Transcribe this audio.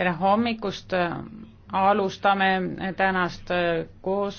tere hommikust, alustame tänast koos